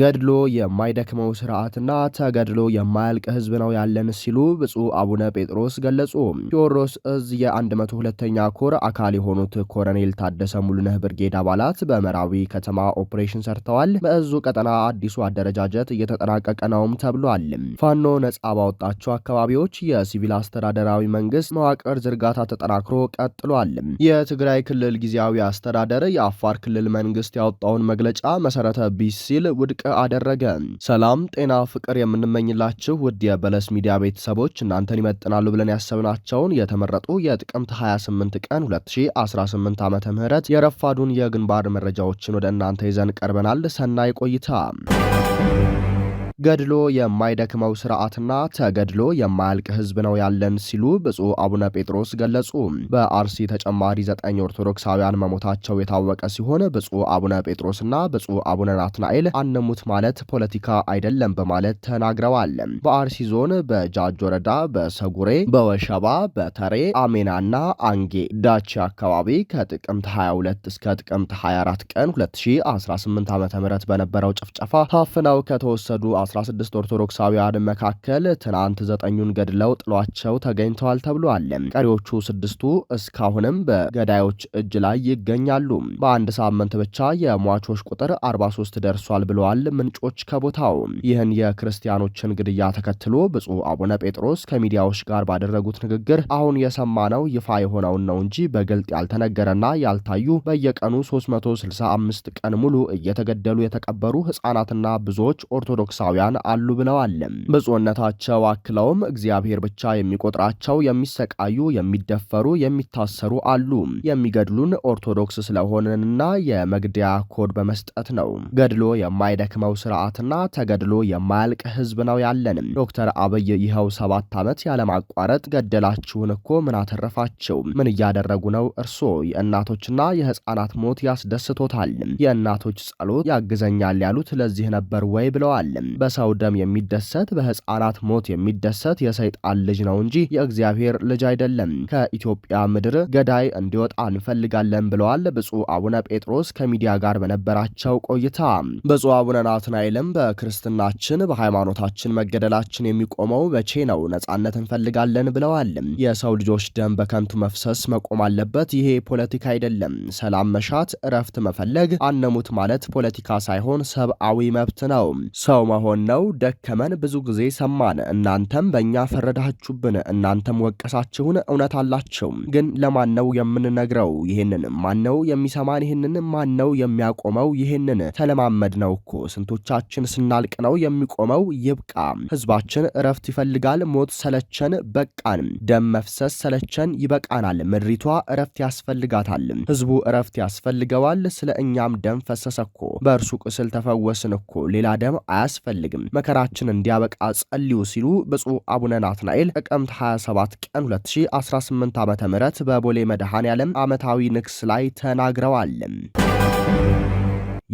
ገድሎ የማይደክመው ስርዓትና ተገድሎ የማያልቅ ህዝብ ነው ያለን ሲሉ ብፁዕ አቡነ ጴጥሮስ ገለጹ። ቴዎድሮስ እዝ የ102ኛ ኮር አካል የሆኑት ኮረኔል ታደሰ ሙሉነህ ብርጌድ አባላት በመራዊ ከተማ ኦፕሬሽን ሰርተዋል። በእዙ ቀጠና አዲሱ አደረጃጀት እየተጠናቀቀ ነውም ተብሏል። ፋኖ ነጻ ባወጣቸው አካባቢዎች የሲቪል አስተዳደራዊ መንግስት መዋቅር ዝርጋታ ተጠናክሮ ቀጥሏል። የትግራይ ክልል ጊዜያዊ አስተዳደር የአፋር ክልል መንግስት ያወጣውን መግለጫ መሰረተ ቢስ ሲል ውድቅ አደረገ። ሰላም ጤና፣ ፍቅር የምንመኝላችሁ ውድ የበለስ ሚዲያ ቤተሰቦች እናንተን ይመጥናሉ ብለን ያሰብናቸውን የተመረጡ የጥቅምት 28 ቀን 2018 ዓ ም የረፋዱን የግንባር መረጃዎችን ወደ እናንተ ይዘን ቀርበናል። ሰናይ ቆይታ ገድሎ የማይደክመው ስርዓትና ተገድሎ የማያልቅ ህዝብ ነው ያለን ሲሉ ብፁዕ አቡነ ጴጥሮስ ገለጹ። በአርሲ ተጨማሪ ዘጠኝ ኦርቶዶክሳውያን መሞታቸው የታወቀ ሲሆን ብፁዕ አቡነ ጴጥሮስና ብፁዕ አቡነ ናትናኤል አነሙት ማለት ፖለቲካ አይደለም በማለት ተናግረዋል። በአርሲ ዞን በጃጅ ወረዳ በሰጉሬ በወሸባ በተሬ አሜናና አንጌ ዳቼ አካባቢ ከጥቅምት 22 እስከ ጥቅምት 24 ቀን 2018 ዓ ም በነበረው ጭፍጨፋ ታፍነው ከተወሰዱ ከ16 ኦርቶዶክሳውያን መካከል ትናንት ዘጠኙን ገድለው ጥሏቸው ተገኝተዋል ተብሏል። ቀሪዎቹ ስድስቱ እስካሁንም በገዳዮች እጅ ላይ ይገኛሉ። በአንድ ሳምንት ብቻ የሟቾች ቁጥር 43 ደርሷል ብለዋል ምንጮች ከቦታው። ይህን የክርስቲያኖችን ግድያ ተከትሎ ብፁዕ አቡነ ጴጥሮስ ከሚዲያዎች ጋር ባደረጉት ንግግር አሁን የሰማነው ይፋ የሆነውን ነው እንጂ በግልጥ ያልተነገረና ያልታዩ በየቀኑ 365 ቀን ሙሉ እየተገደሉ የተቀበሩ ህጻናትና ብዙዎች ኦርቶዶክሳዊ ኢትዮጵያውያን አሉ ብለዋል። ብፁዕነታቸው አክለውም እግዚአብሔር ብቻ የሚቆጥራቸው የሚሰቃዩ፣ የሚደፈሩ፣ የሚታሰሩ አሉ። የሚገድሉን ኦርቶዶክስ ስለሆንንና የመግደያ ኮድ በመስጠት ነው። ገድሎ የማይደክመው ስርዓትና ተገድሎ የማያልቅ ህዝብ ነው ያለንም። ዶክተር አብይ ይኸው ሰባት ዓመት ያለማቋረጥ ገደላችሁን እኮ ምን አተረፋቸው? ምን እያደረጉ ነው? እርሶ የእናቶችና የህፃናት ሞት ያስደስቶታል። የእናቶች ጸሎት ያግዘኛል ያሉት ለዚህ ነበር ወይ ብለዋል። በሰው ደም የሚደሰት በህፃናት ሞት የሚደሰት የሰይጣን ልጅ ነው እንጂ የእግዚአብሔር ልጅ አይደለም። ከኢትዮጵያ ምድር ገዳይ እንዲወጣ እንፈልጋለን ብለዋል ብፁዕ አቡነ ጴጥሮስ ከሚዲያ ጋር በነበራቸው ቆይታ። ብፁዕ አቡነ ናትናኤልም በክርስትናችን በሃይማኖታችን መገደላችን የሚቆመው መቼ ነው? ነጻነት እንፈልጋለን ብለዋል። የሰው ልጆች ደም በከንቱ መፍሰስ መቆም አለበት። ይሄ ፖለቲካ አይደለም። ሰላም መሻት፣ እረፍት መፈለግ፣ አነሙት ማለት ፖለቲካ ሳይሆን ሰብአዊ መብት ነው። ሰው መሆን ሆን ነው ደከመን፣ ብዙ ጊዜ ሰማን። እናንተም በእኛ ፈረዳችሁብን፣ እናንተም ወቀሳችሁን። እውነት አላቸው፣ ግን ለማን ነው የምንነግረው? ይህንን ማን ነው የሚሰማን? ይህንን ማን ነው የሚያቆመው? ይህንን ተለማመድ ነው እኮ ስንቶቻችን ስናልቅ ነው የሚቆመው? ይብቃ። ህዝባችን እረፍት ይፈልጋል። ሞት ሰለቸን፣ በቃን። ደም መፍሰስ ሰለቸን፣ ይበቃናል። ምድሪቷ እረፍት ያስፈልጋታል። ህዝቡ እረፍት ያስፈልገዋል። ስለ እኛም ደም ፈሰሰ እኮ፣ በእርሱ ቁስል ተፈወስን እኮ። ሌላ ደም አያስፈልግ አንፈልግም፣ መከራችን እንዲያበቃ ጸልዩ ሲሉ ብፁዕ አቡነ ናትናኤል ጥቅምት 27 ቀን 2018 ዓ ም በቦሌ መድኃኔ ዓለም ዓመታዊ ንግስ ላይ ተናግረዋል።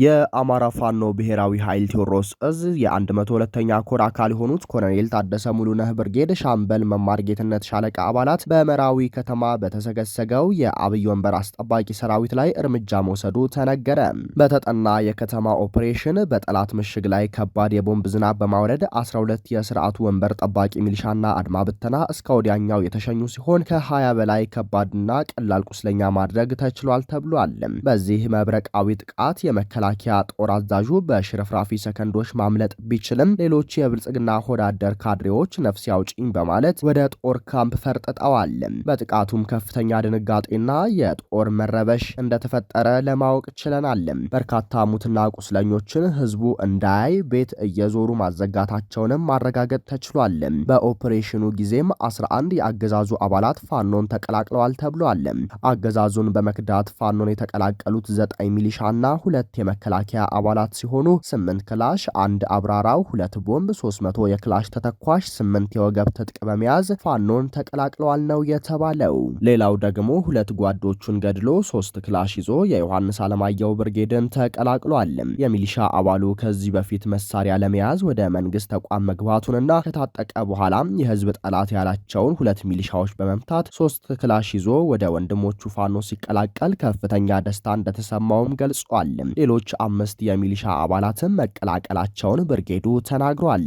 የአማራ ፋኖ ብሔራዊ ኃይል ቴዎድሮስ እዝ የ102ኛ ኮር አካል የሆኑት ኮሎኔል ታደሰ ሙሉነህ ብርጌድ ሻምበል መማር ጌትነት ሻለቃ አባላት በመራዊ ከተማ በተሰገሰገው የአብይ ወንበር አስጠባቂ ሰራዊት ላይ እርምጃ መውሰዱ ተነገረ። በተጠና የከተማ ኦፕሬሽን በጠላት ምሽግ ላይ ከባድ የቦምብ ዝናብ በማውረድ 12 የስርዓቱ ወንበር ጠባቂ ሚሊሻና አድማ ብተና እስከ ወዲያኛው የተሸኙ ሲሆን ከ20 በላይ ከባድና ቀላል ቁስለኛ ማድረግ ተችሏል ተብሏል። በዚህ መብረቃዊ ጥቃት የመከላ መከላከያ ጦር አዛዡ በሽርፍራፊ ሰከንዶች ማምለጥ ቢችልም ሌሎች የብልጽግና ሆዳደር ካድሬዎች ነፍስ ያውጭኝ በማለት ወደ ጦር ካምፕ ፈርጥጠዋል። በጥቃቱም ከፍተኛ ድንጋጤና የጦር መረበሽ እንደተፈጠረ ለማወቅ ችለናል። በርካታ ሙትና ቁስለኞችን ህዝቡ እንዳያይ ቤት እየዞሩ ማዘጋታቸውንም ማረጋገጥ ተችሏል። በኦፕሬሽኑ ጊዜም 11 የአገዛዙ አባላት ፋኖን ተቀላቅለዋል ተብሏል። አገዛዙን በመክዳት ፋኖን የተቀላቀሉት ዘጠኝ ሚሊሻና ሁለት የመ የመከላከያ አባላት ሲሆኑ ስምንት ክላሽ፣ አንድ አብራራው፣ ሁለት ቦምብ፣ 300 የክላሽ ተተኳሽ፣ ስምንት የወገብ ትጥቅ በመያዝ ፋኖን ተቀላቅለዋል ነው የተባለው። ሌላው ደግሞ ሁለት ጓዶቹን ገድሎ ሶስት ክላሽ ይዞ የዮሐንስ አለማየሁ ብርጌድን ተቀላቅሏል። የሚሊሻ አባሉ ከዚህ በፊት መሳሪያ ለመያዝ ወደ መንግስት ተቋም መግባቱንና ከታጠቀ በኋላም የህዝብ ጠላት ያላቸውን ሁለት ሚሊሻዎች በመምታት ሶስት ክላሽ ይዞ ወደ ወንድሞቹ ፋኖ ሲቀላቀል ከፍተኛ ደስታ እንደተሰማውም ገልጿል። ሌሎች ሌሎች አምስት የሚሊሻ አባላትን መቀላቀላቸውን ብርጌዱ ተናግሯል።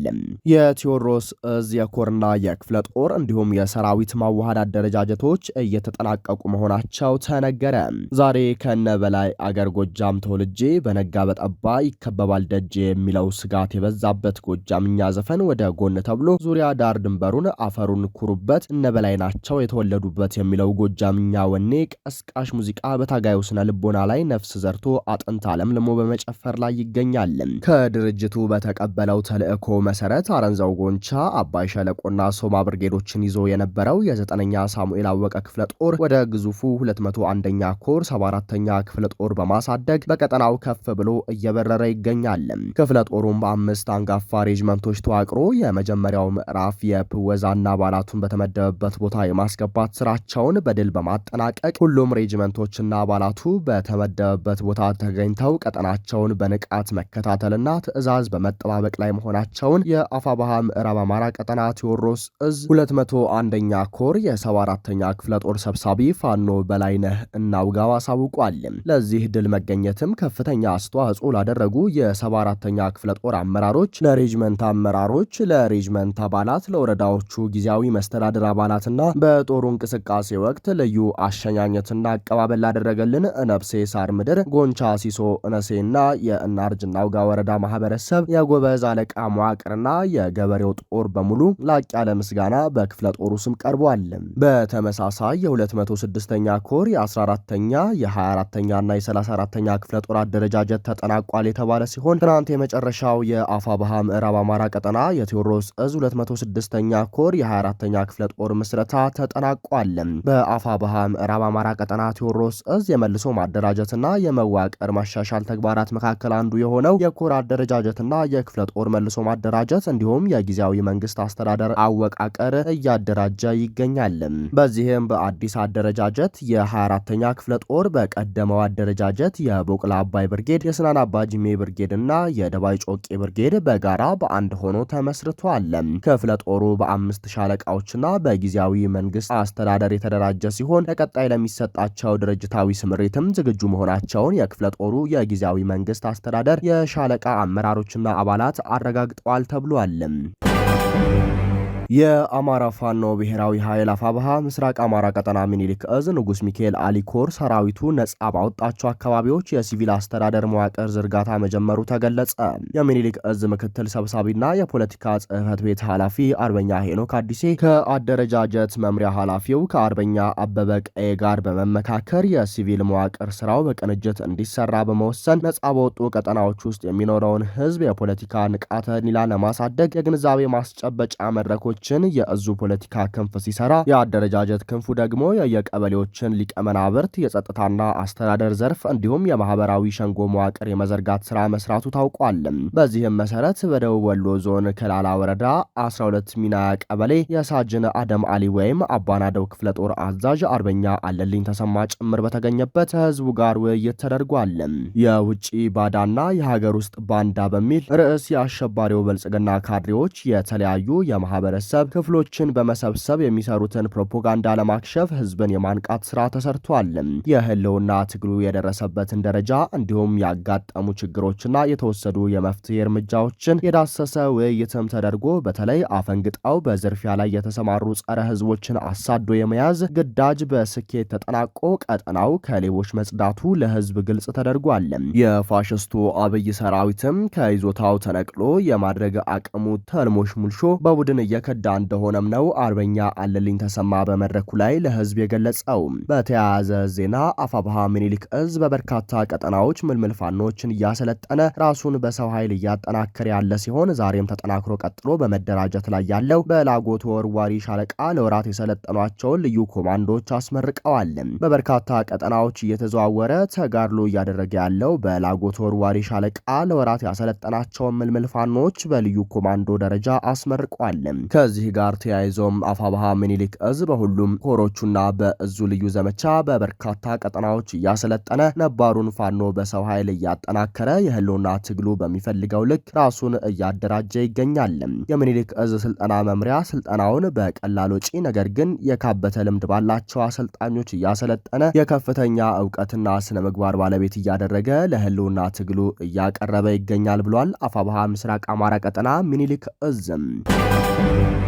የቴዎድሮስ እዝ የኮርና የክፍለ ጦር እንዲሁም የሰራዊት ማዋሃድ አደረጃጀቶች እየተጠናቀቁ መሆናቸው ተነገረ። ዛሬ ከነ በላይ አገር ጎጃም ተወልጄ በነጋ በጠባ ይከበባል ደጅ የሚለው ስጋት የበዛበት ጎጃምኛ ዘፈን ወደ ጎን ተብሎ ዙሪያ ዳር ድንበሩን አፈሩን ኩሩበት እነበላይ ናቸው የተወለዱበት የሚለው ጎጃምኛ ወኔ ቀስቃሽ ሙዚቃ በታጋዩ ስነ ልቦና ላይ ነፍስ ዘርቶ አጥንት አለም ደግሞ በመጨፈር ላይ ይገኛል። ከድርጅቱ በተቀበለው ተልእኮ መሰረት አረንዛው ጎንቻ፣ አባይ ሸለቆና ሶማ ብርጌዶችን ይዞ የነበረው የዘጠነኛ ሳሙኤል አወቀ ክፍለ ጦር ወደ ግዙፉ 201ኛ ኮር 74ኛ ክፍለ ጦር በማሳደግ በቀጠናው ከፍ ብሎ እየበረረ ይገኛል። ክፍለ ጦሩም በአምስት አንጋፋ ሬጅመንቶች ተዋቅሮ የመጀመሪያው ምዕራፍ የፕወዛና አባላቱን በተመደበበት ቦታ የማስገባት ስራቸውን በድል በማጠናቀቅ ሁሉም ሬጅመንቶችና አባላቱ በተመደበበት ቦታ ተገኝተው ቀጠናቸውን በንቃት መከታተልና ትዕዛዝ በመጠባበቅ ላይ መሆናቸውን የአፋባሃ ምዕራብ አማራ ቀጠና ቴዎድሮስ እዝ 201ኛ ኮር የ74ኛ ክፍለ ጦር ሰብሳቢ ፋኖ በላይነህ እናውጋው አሳውቋል። ለዚህ ድል መገኘትም ከፍተኛ አስተዋጽኦ ላደረጉ የ74ኛ ክፍለ ጦር አመራሮች፣ ለሬጅመንት አመራሮች፣ ለሬጅመንት አባላት፣ ለወረዳዎቹ ጊዜያዊ መስተዳድር አባላትና በጦሩ እንቅስቃሴ ወቅት ልዩ አሸኛኘትና አቀባበል ላደረገልን እነብሴ ሳር ምድር ጎንቻ ሲሶ ደረሴና የእናርጅና ውጋ ወረዳ ማህበረሰብ የጎበዝ አለቃ መዋቅርና የገበሬው ጦር በሙሉ ላቅ ያለ ምስጋና በክፍለ ጦሩ ስም ቀርቧል። በተመሳሳይ የ206ኛ ኮር የ14ተኛ የ24ተኛና የ34ተኛ ክፍለ ጦር አደረጃጀት ተጠናቋል የተባለ ሲሆን ትናንት የመጨረሻው የአፋባሃ ምዕራብ አማራ ቀጠና የቴዎድሮስ እዝ 206ኛ ኮር የ24ተኛ ክፍለ ጦር ምስረታ ተጠናቋል። በአፋባሃ ምዕራብ አማራ ቀጠና ቴዎድሮስ እዝ የመልሶ ማደራጀትና የመዋቅር ማሻሻል ተግባራት መካከል አንዱ የሆነው የኮር አደረጃጀትና የክፍለ ጦር መልሶ ማደራጀት እንዲሁም የጊዜያዊ መንግስት አስተዳደር አወቃቀር እያደራጀ ይገኛል። በዚህም በአዲስ አደረጃጀት የ24ተኛ ክፍለ ጦር በቀደመው አደረጃጀት የቦቅላ አባይ ብርጌድ፣ የስናን አባ ጅሜ ብርጌድ እና የደባይ ጮቄ ብርጌድ በጋራ በአንድ ሆኖ ተመስርቷል። ክፍለ ጦሩ በአምስት ሻለቃዎችና በጊዜያዊ መንግስት አስተዳደር የተደራጀ ሲሆን ለቀጣይ ለሚሰጣቸው ድርጅታዊ ስምሪትም ዝግጁ መሆናቸውን የክፍለ ጦሩ የጊዜ ጊዜያዊ መንግስት አስተዳደር የሻለቃ አመራሮችና አባላት አረጋግጠዋል ተብሏል። የአማራ ፋኖ ብሔራዊ ኃይል አፋብሃ ምስራቅ አማራ ቀጠና ሚኒሊክ እዝ ንጉስ ሚካኤል አሊኮር ሰራዊቱ ነጻ ባወጣቸው አካባቢዎች የሲቪል አስተዳደር መዋቅር ዝርጋታ መጀመሩ ተገለጸ። የሚኒሊክ እዝ ምክትል ሰብሳቢና የፖለቲካ ጽህፈት ቤት ኃላፊ አርበኛ ሄኖክ አዲሴ ከአደረጃጀት መምሪያ ኃላፊው ከአርበኛ አበበ ቀዬ ጋር በመመካከር የሲቪል መዋቅር ስራው በቅንጅት እንዲሰራ በመወሰን ነጻ በወጡ ቀጠናዎች ውስጥ የሚኖረውን ህዝብ የፖለቲካ ንቃተ ህሊና ለማሳደግ የግንዛቤ ማስጨበጫ መድረኮች ቀበሌዎችን የእዙ ፖለቲካ ክንፍ ሲሰራ፣ የአደረጃጀት ክንፉ ደግሞ የየቀበሌዎችን ሊቀመናብርት የጸጥታና አስተዳደር ዘርፍ እንዲሁም የማህበራዊ ሸንጎ መዋቅር የመዘርጋት ስራ መስራቱ ታውቋል። በዚህም መሰረት በደቡብ ወሎ ዞን ከላላ ወረዳ 12 ሚናያ ቀበሌ የሳጅን አደም አሊ ወይም አባናደው ክፍለ ጦር አዛዥ አርበኛ አለልኝ ተሰማ ጭምር በተገኘበት ህዝቡ ጋር ውይይት ተደርጓል። የውጭ ባዳና የሀገር ውስጥ ባንዳ በሚል ርዕስ የአሸባሪው ብልጽግና ካድሬዎች የተለያዩ የማህበረሰብ የማህበረሰብ ክፍሎችን በመሰብሰብ የሚሰሩትን ፕሮፓጋንዳ ለማክሸፍ ህዝብን የማንቃት ስራ ተሰርቷል። የህልውና ትግሉ የደረሰበትን ደረጃ እንዲሁም ያጋጠሙ ችግሮችና የተወሰዱ የመፍትሄ እርምጃዎችን የዳሰሰ ውይይትም ተደርጎ በተለይ አፈንግጣው በዝርፊያ ላይ የተሰማሩ ጸረ ህዝቦችን አሳዶ የመያዝ ግዳጅ በስኬት ተጠናቆ ቀጠናው ከሌቦች መጽዳቱ ለህዝብ ግልጽ ተደርጓል። የፋሽስቱ አብይ ሰራዊትም ከይዞታው ተነቅሎ የማድረግ አቅሙ ተልሞሽ ሙልሾ በቡድን እየከ እየተረዳ እንደሆነም ነው አርበኛ አለልኝ ተሰማ በመድረኩ ላይ ለህዝብ የገለጸው። በተያያዘ ዜና አፋብሃ ምኒልክ እዝ በበርካታ ቀጠናዎች ምልምል ፋኖችን እያሰለጠነ ራሱን በሰው ኃይል እያጠናከረ ያለ ሲሆን ዛሬም ተጠናክሮ ቀጥሎ በመደራጀት ላይ ያለው በላጎት ወርዋሪ ሻለቃ ለወራት የሰለጠኗቸውን ልዩ ኮማንዶዎች አስመርቀዋል። በበርካታ ቀጠናዎች እየተዘዋወረ ተጋድሎ እያደረገ ያለው በላጎት ወርዋሪ ሻለቃ ለወራት ያሰለጠናቸውን ምልምል ፋኖች በልዩ ኮማንዶ ደረጃ አስመርቋል። ከዚህ ጋር ተያይዞም አፋባሃ ምኒልክ እዝ በሁሉም ኮሮቹና በእዙ ልዩ ዘመቻ በበርካታ ቀጠናዎች እያሰለጠነ ነባሩን ፋኖ በሰው ኃይል እያጠናከረ የህልውና ትግሉ በሚፈልገው ልክ ራሱን እያደራጀ ይገኛል። የምኒልክ እዝ ስልጠና መምሪያ ስልጠናውን በቀላል ወጪ ነገር ግን የካበተ ልምድ ባላቸው አሰልጣኞች እያሰለጠነ የከፍተኛ እውቀትና ስነ ምግባር ባለቤት እያደረገ ለህልውና ትግሉ እያቀረበ ይገኛል ብሏል። አፋባሃ ምስራቅ አማራ ቀጠና ምኒልክ እዝም Thank you.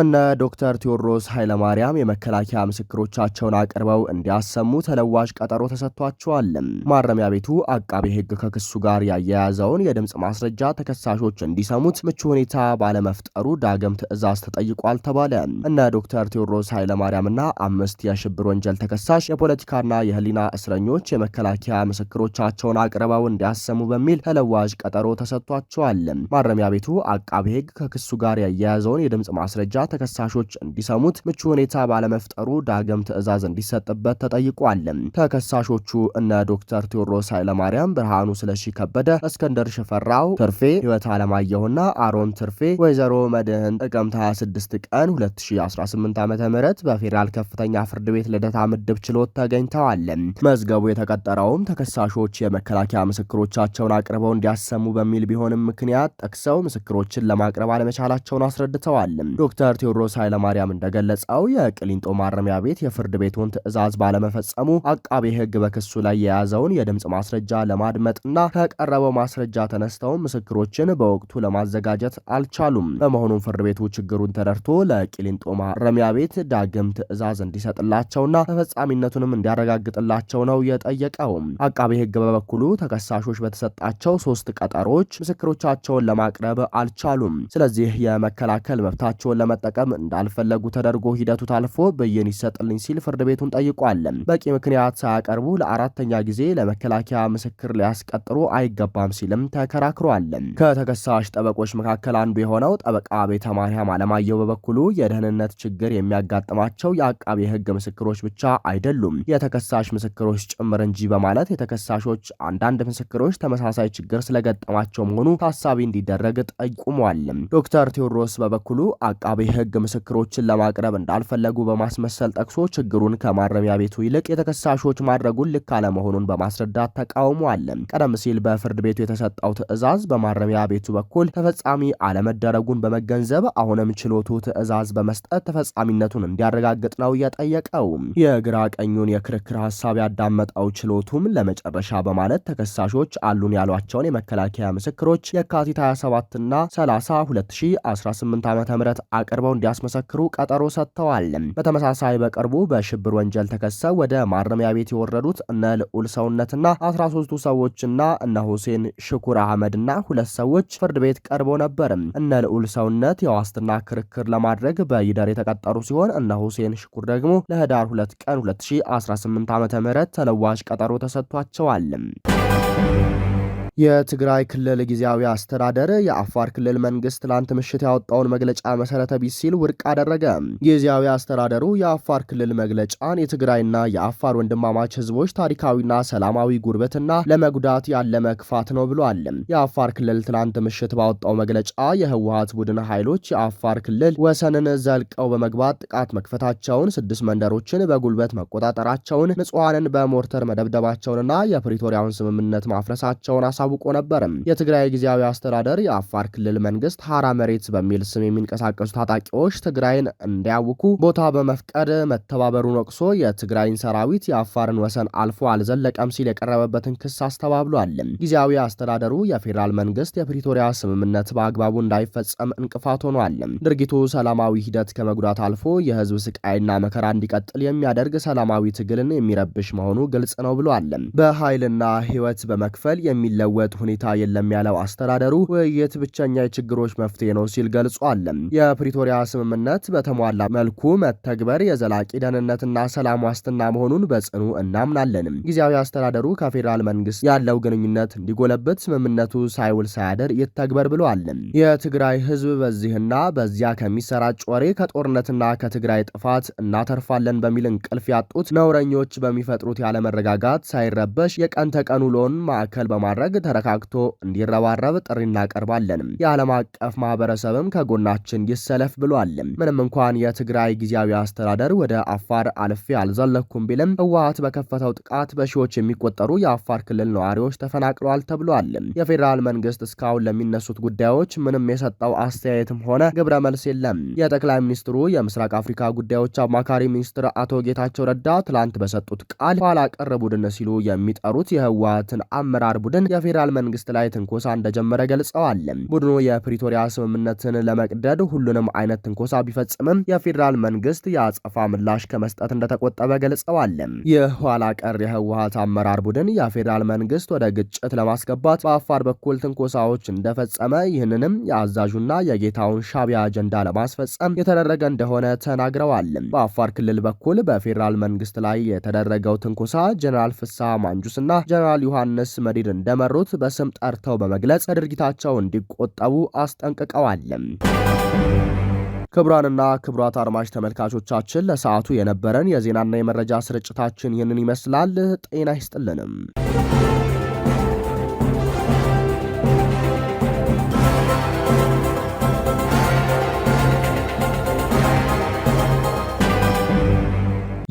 እነ ዶክተር ቴዎድሮስ ኃይለማርያም የመከላከያ ምስክሮቻቸውን አቅርበው እንዲያሰሙ ተለዋጭ ቀጠሮ ተሰጥቷቸዋል። ማረሚያ ቤቱ አቃቤ ሕግ ከክሱ ጋር ያያያዘውን የድምፅ ማስረጃ ተከሳሾች እንዲሰሙት ምቹ ሁኔታ ባለመፍጠሩ ዳግም ትዕዛዝ ተጠይቋል ተባለ። እነ ዶክተር ቴዎድሮስ ኃይለማርያምና አምስት የሽብር ወንጀል ተከሳሽ የፖለቲካና የህሊና እስረኞች የመከላከያ ምስክሮቻቸውን አቅርበው እንዲያሰሙ በሚል ተለዋጭ ቀጠሮ ተሰጥቷቸዋል። ማረሚያ ቤቱ አቃቤ ሕግ ከክሱ ጋር ያያያዘውን የድምፅ ማስረጃ ተከሳሾች እንዲሰሙት ምቹ ሁኔታ ባለመፍጠሩ ዳግም ትዕዛዝ እንዲሰጥበት ተጠይቋል። ተከሳሾቹ እነ ዶክተር ቴዎድሮስ ኃይለማርያም፣ ብርሃኑ ስለሺ ከበደ፣ እስክንድር ሽፈራው ትርፌ፣ ህይወት አለማየሁና አሮን ትርፌ ወይዘሮ መድህን ጥቅምት 26 ቀን 2018 ዓ ም በፌዴራል ከፍተኛ ፍርድ ቤት ልደታ ምድብ ችሎት ተገኝተዋል። መዝገቡ የተቀጠረውም ተከሳሾች የመከላከያ ምስክሮቻቸውን አቅርበው እንዲያሰሙ በሚል ቢሆንም ምክንያት ጠቅሰው ምስክሮችን ለማቅረብ አለመቻላቸውን አስረድተዋል። ዶክተር ዶክተር ቴዎድሮስ ኃይለማርያም እንደገለጸው የቅሊንጦ ማረሚያ ቤት የፍርድ ቤቱን ትዕዛዝ ባለመፈጸሙ አቃቤ ሕግ በክሱ ላይ የያዘውን የድምፅ ማስረጃ ለማድመጥና ከቀረበው ማስረጃ ተነስተው ምስክሮችን በወቅቱ ለማዘጋጀት አልቻሉም። በመሆኑም ፍርድ ቤቱ ችግሩን ተረድቶ ለቅሊንጦ ማረሚያ ቤት ዳግም ትዕዛዝ እንዲሰጥላቸውና ተፈጻሚነቱንም እንዲያረጋግጥላቸው ነው የጠየቀው። አቃቤ ሕግ በበኩሉ ተከሳሾች በተሰጣቸው ሶስት ቀጠሮች ምስክሮቻቸውን ለማቅረብ አልቻሉም። ስለዚህ የመከላከል መብታቸውን ለመ መጠቀም እንዳልፈለጉ ተደርጎ ሂደቱ ታልፎ ብይን ይሰጥልኝ ሲል ፍርድ ቤቱን ጠይቋል። በቂ ምክንያት ሳያቀርቡ ለአራተኛ ጊዜ ለመከላከያ ምስክር ሊያስቀጥሩ አይገባም ሲልም ተከራክሯል። ከተከሳሽ ጠበቆች መካከል አንዱ የሆነው ጠበቃ ቤተ ማርያም አለማየሁ በበኩሉ የደህንነት ችግር የሚያጋጥማቸው የአቃቢ ሕግ ምስክሮች ብቻ አይደሉም የተከሳሽ ምስክሮች ጭምር እንጂ በማለት የተከሳሾች አንዳንድ ምስክሮች ተመሳሳይ ችግር ስለገጠማቸው መሆኑ ታሳቢ እንዲደረግ ጠቁሟል። ዶክተር ቴዎድሮስ በበኩሉ አቃቢ የህግ ምስክሮችን ለማቅረብ እንዳልፈለጉ በማስመሰል ጠቅሶ ችግሩን ከማረሚያ ቤቱ ይልቅ የተከሳሾች ማድረጉን ልክ አለመሆኑን በማስረዳት አለ። ቀደም ሲል በፍርድ ቤቱ የተሰጠው ትዕዛዝ በማረሚያ ቤቱ በኩል ተፈጻሚ አለመደረጉን በመገንዘብ አሁንም ችሎቱ ትዕዛዝ በመስጠት ተፈጻሚነቱን እንዲያረጋግጥ ነው የጠየቀው። የግራ ቀኙን የክርክር ሀሳብ ያዳመጠው ችሎቱም ለመጨረሻ በማለት ተከሳሾች አሉን ያሏቸውን የመከላከያ ምስክሮች የካቲት 27ና 30 2018 ዓ ም ቀርበው እንዲያስመሰክሩ ቀጠሮ ሰጥተዋል። በተመሳሳይ በቅርቡ በሽብር ወንጀል ተከሰው ወደ ማረሚያ ቤት የወረዱት እነ ልዑል ሰውነትና 13ቱ ሰዎችና እነ ሁሴን ሽኩር አህመድና ሁለት ሰዎች ፍርድ ቤት ቀርቦ ነበር። እነ ልዑል ሰውነት የዋስትና ክርክር ለማድረግ በይደር የተቀጠሩ ሲሆን እነ ሁሴን ሽኩር ደግሞ ለህዳር 2 ቀን 2018 ዓ ም ተለዋጭ ቀጠሮ ተሰጥቷቸዋል። የትግራይ ክልል ጊዜያዊ አስተዳደር የአፋር ክልል መንግስት ትላንት ምሽት ያወጣውን መግለጫ መሰረተ ቢስ ሲል ውድቅ አደረገ። ጊዜያዊ አስተዳደሩ የአፋር ክልል መግለጫን የትግራይና የአፋር ወንድማማች ህዝቦች ታሪካዊና ሰላማዊ ጉርብትና ለመጉዳት ያለመ ክፋት ነው ብሏል። የአፋር ክልል ትላንት ምሽት ባወጣው መግለጫ የህወሀት ቡድን ኃይሎች የአፋር ክልል ወሰንን ዘልቀው በመግባት ጥቃት መክፈታቸውን፣ ስድስት መንደሮችን በጉልበት መቆጣጠራቸውን፣ ንጹሐንን በሞርተር መደብደባቸውንና የፕሪቶሪያውን ስምምነት ማፍረሳቸውን አሳ አሳውቆ ነበር። የትግራይ ጊዜያዊ አስተዳደር የአፋር ክልል መንግስት ሀራ መሬት በሚል ስም የሚንቀሳቀሱ ታጣቂዎች ትግራይን እንዲያውኩ ቦታ በመፍቀድ መተባበሩን ወቅሶ የትግራይን ሰራዊት የአፋርን ወሰን አልፎ አልዘለቀም ሲል የቀረበበትን ክስ አስተባብሏል። ጊዜያዊ አስተዳደሩ የፌዴራል መንግስት የፕሪቶሪያ ስምምነት በአግባቡ እንዳይፈጸም እንቅፋት ሆኗል። ድርጊቱ ሰላማዊ ሂደት ከመጉዳት አልፎ የህዝብ ስቃይና መከራ እንዲቀጥል የሚያደርግ ሰላማዊ ትግልን የሚረብሽ መሆኑ ግልጽ ነው ብሏል። በኃይልና ህይወት በመክፈል የሚለወ የሚለወጥ ሁኔታ የለም ያለው አስተዳደሩ ውይይት ብቸኛ የችግሮች መፍትሄ ነው ሲል ገልጿል። የፕሪቶሪያ ስምምነት በተሟላ መልኩ መተግበር የዘላቂ ደህንነትና ሰላም ዋስትና መሆኑን በጽኑ እናምናለን። ጊዜያዊ አስተዳደሩ ከፌዴራል መንግስት ያለው ግንኙነት እንዲጎለበት ስምምነቱ ሳይውል ሳያደር ይተግበር ብለዋል። የትግራይ ህዝብ በዚህና በዚያ ከሚሰራጭ ወሬ ከጦርነትና ከትግራይ ጥፋት እናተርፋለን በሚል እንቅልፍ ያጡት ነውረኞች በሚፈጥሩት ያለመረጋጋት ሳይረበሽ የቀን ተቀን ውሎን ማዕከል በማድረግ ተረጋግቶ እንዲረባረብ ጥሪ እናቀርባለን። የዓለም አቀፍ ማህበረሰብም ከጎናችን ይሰለፍ ብሏል። ምንም እንኳን የትግራይ ጊዜያዊ አስተዳደር ወደ አፋር አልፌ አልዘለኩም ቢልም ህወሀት በከፈተው ጥቃት በሺዎች የሚቆጠሩ የአፋር ክልል ነዋሪዎች ተፈናቅለዋል ተብሏል። የፌዴራል መንግስት እስካሁን ለሚነሱት ጉዳዮች ምንም የሰጠው አስተያየትም ሆነ ግብረ መልስ የለም። የጠቅላይ ሚኒስትሩ የምስራቅ አፍሪካ ጉዳዮች አማካሪ ሚኒስትር አቶ ጌታቸው ረዳ ትላንት በሰጡት ቃል ኋላ ቀር ቡድን ሲሉ የሚጠሩት የህወሀትን አመራር ቡድን በፌዴራል መንግስት ላይ ትንኮሳ እንደጀመረ ገልጸዋል። ቡድኑ የፕሪቶሪያ ስምምነትን ለመቅደድ ሁሉንም አይነት ትንኮሳ ቢፈጽምም የፌዴራል መንግስት የአጸፋ ምላሽ ከመስጠት እንደተቆጠበ ገልጸዋል። የኋላ ቀር የህወሀት አመራር ቡድን የፌዴራል መንግስት ወደ ግጭት ለማስገባት በአፋር በኩል ትንኮሳዎች እንደፈጸመ ይህንንም የአዛዡና የጌታውን ሻቢያ አጀንዳ ለማስፈጸም የተደረገ እንደሆነ ተናግረዋል። በአፋር ክልል በኩል በፌዴራል መንግስት ላይ የተደረገው ትንኮሳ ጀነራል ፍሳ ማንጁስና ጀነራል ዮሐንስ መዲድ እንደመሩ እንደሚሰሩት በስም ጠርተው በመግለጽ ከድርጊታቸው እንዲቆጠቡ አስጠንቅቀዋል። ክቡራንና ክቡራት አድማጭ ተመልካቾቻችን ለሰዓቱ የነበረን የዜናና የመረጃ ስርጭታችን ይህንን ይመስላል። ጤና ይስጥልንም።